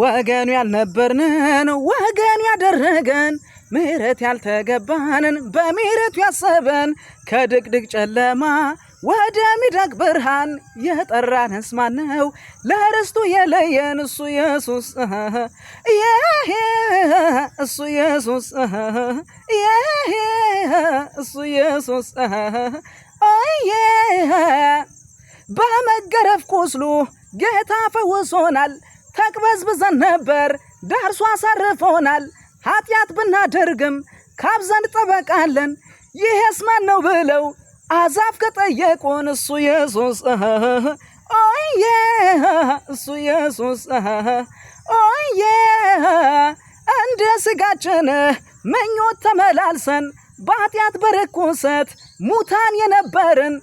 ወገኑ ያልነበርንን ወገን ያደረገን ምሕረት ያልተገባንን በምሕረቱ ያሰበን ከድቅድቅ ጨለማ ወደ ሚደግ ብርሃን የጠራንስ ማነው? ለርስቱ የለየን እሱ ኢየሱስ እሱ ኢየሱስ እሱ ኢየሱስ ኦየ በመገረፍ ቁስሉ ጌታ ፈውሶናል። ተቅበዝብዘን ነበር ዳርሶ አሳርፎናል። ኃጢአት ብናደርግም ካብ ዘንድ ጠበቃለን። ይሄስ ማን ነው ብለው አዛፍ ከጠየቁን እሱ ኢየሱስ ኦየ እሱ ኢየሱስ ኦየ እንደ ስጋችን ምኞት ተመላልሰን በኃጢአት በርኩሰት ሙታን የነበርን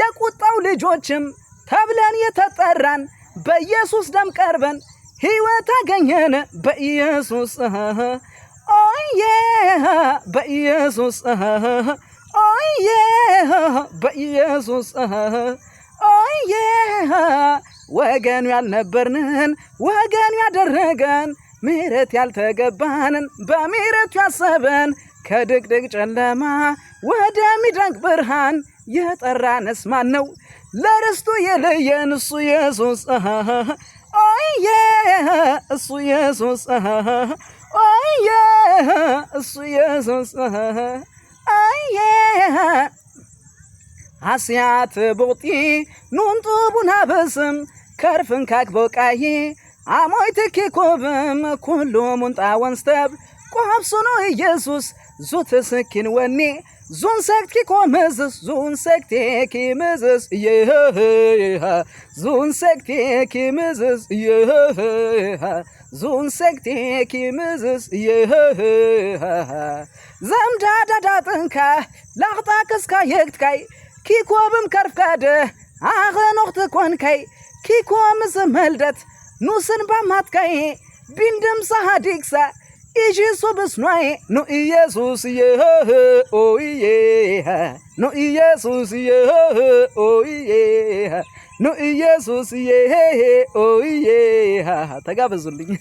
የቁጣው ልጆችም ተብለን የተጠራን በኢየሱስ ደም ቀርበን ህይወት አገኘን በኢየሱስ ኦዬ በኢየሱስ ኦዬ በኢየሱስ ኦዬ ወገኑ ያልነበርንን ወገኑ ያደረገን ምሕረት ያልተገባንን በምሕረቱ ያሰበን ከድቅድቅ ጨለማ ወደሚደንቅ ብርሃን የጠራንስ ማን ነው? ለርስቱ የለየን እሱ ኢየሱስ ኦየ እሱ ኢየሱስ ኦየ እሱ ኢየሱስ ኦየ አስያት ቦጢ ኑንጡ ቡና ብስም ከርፍን ካክ አሞይ ትኪ ኮብም ኩሉ ሙንጣ ወንስተብ ቆብሱኑ ኢየሱስ ዙት ስኪን ወኔ ዙን ሰክቲ ኮመዝስ ዙን ሰክቲ ኪምዝስ ይህ ዙን ሰክቲ ኪምዝስ ይህ ዙን ሰክቲ ኪምዝስ ይህ ዘምዳ ጥንካ ላቕጣ ክስካ የግትካይ ኪኮብም ከርፍካደ ኣኸኖኽቲ ኮንካይ ኪኮምስ መልደት ኑስን ባማትካይ ቢንድም ሳሃዲግሳ ኢየሱስ በስኗዬ ኑ ኢየሱስ የሆህ ኦይዬ ኑ ኢየሱስ የሆህ ኦይዬ ኑ ኢየሱስ የሄሄ ኦይዬ ተጋበዙልኝ።